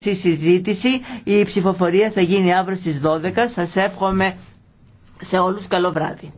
στη συζήτηση. Η ψηφοφορία θα γίνει αύριο στις 12. Σας εύχομαι σε όλους καλό βράδυ.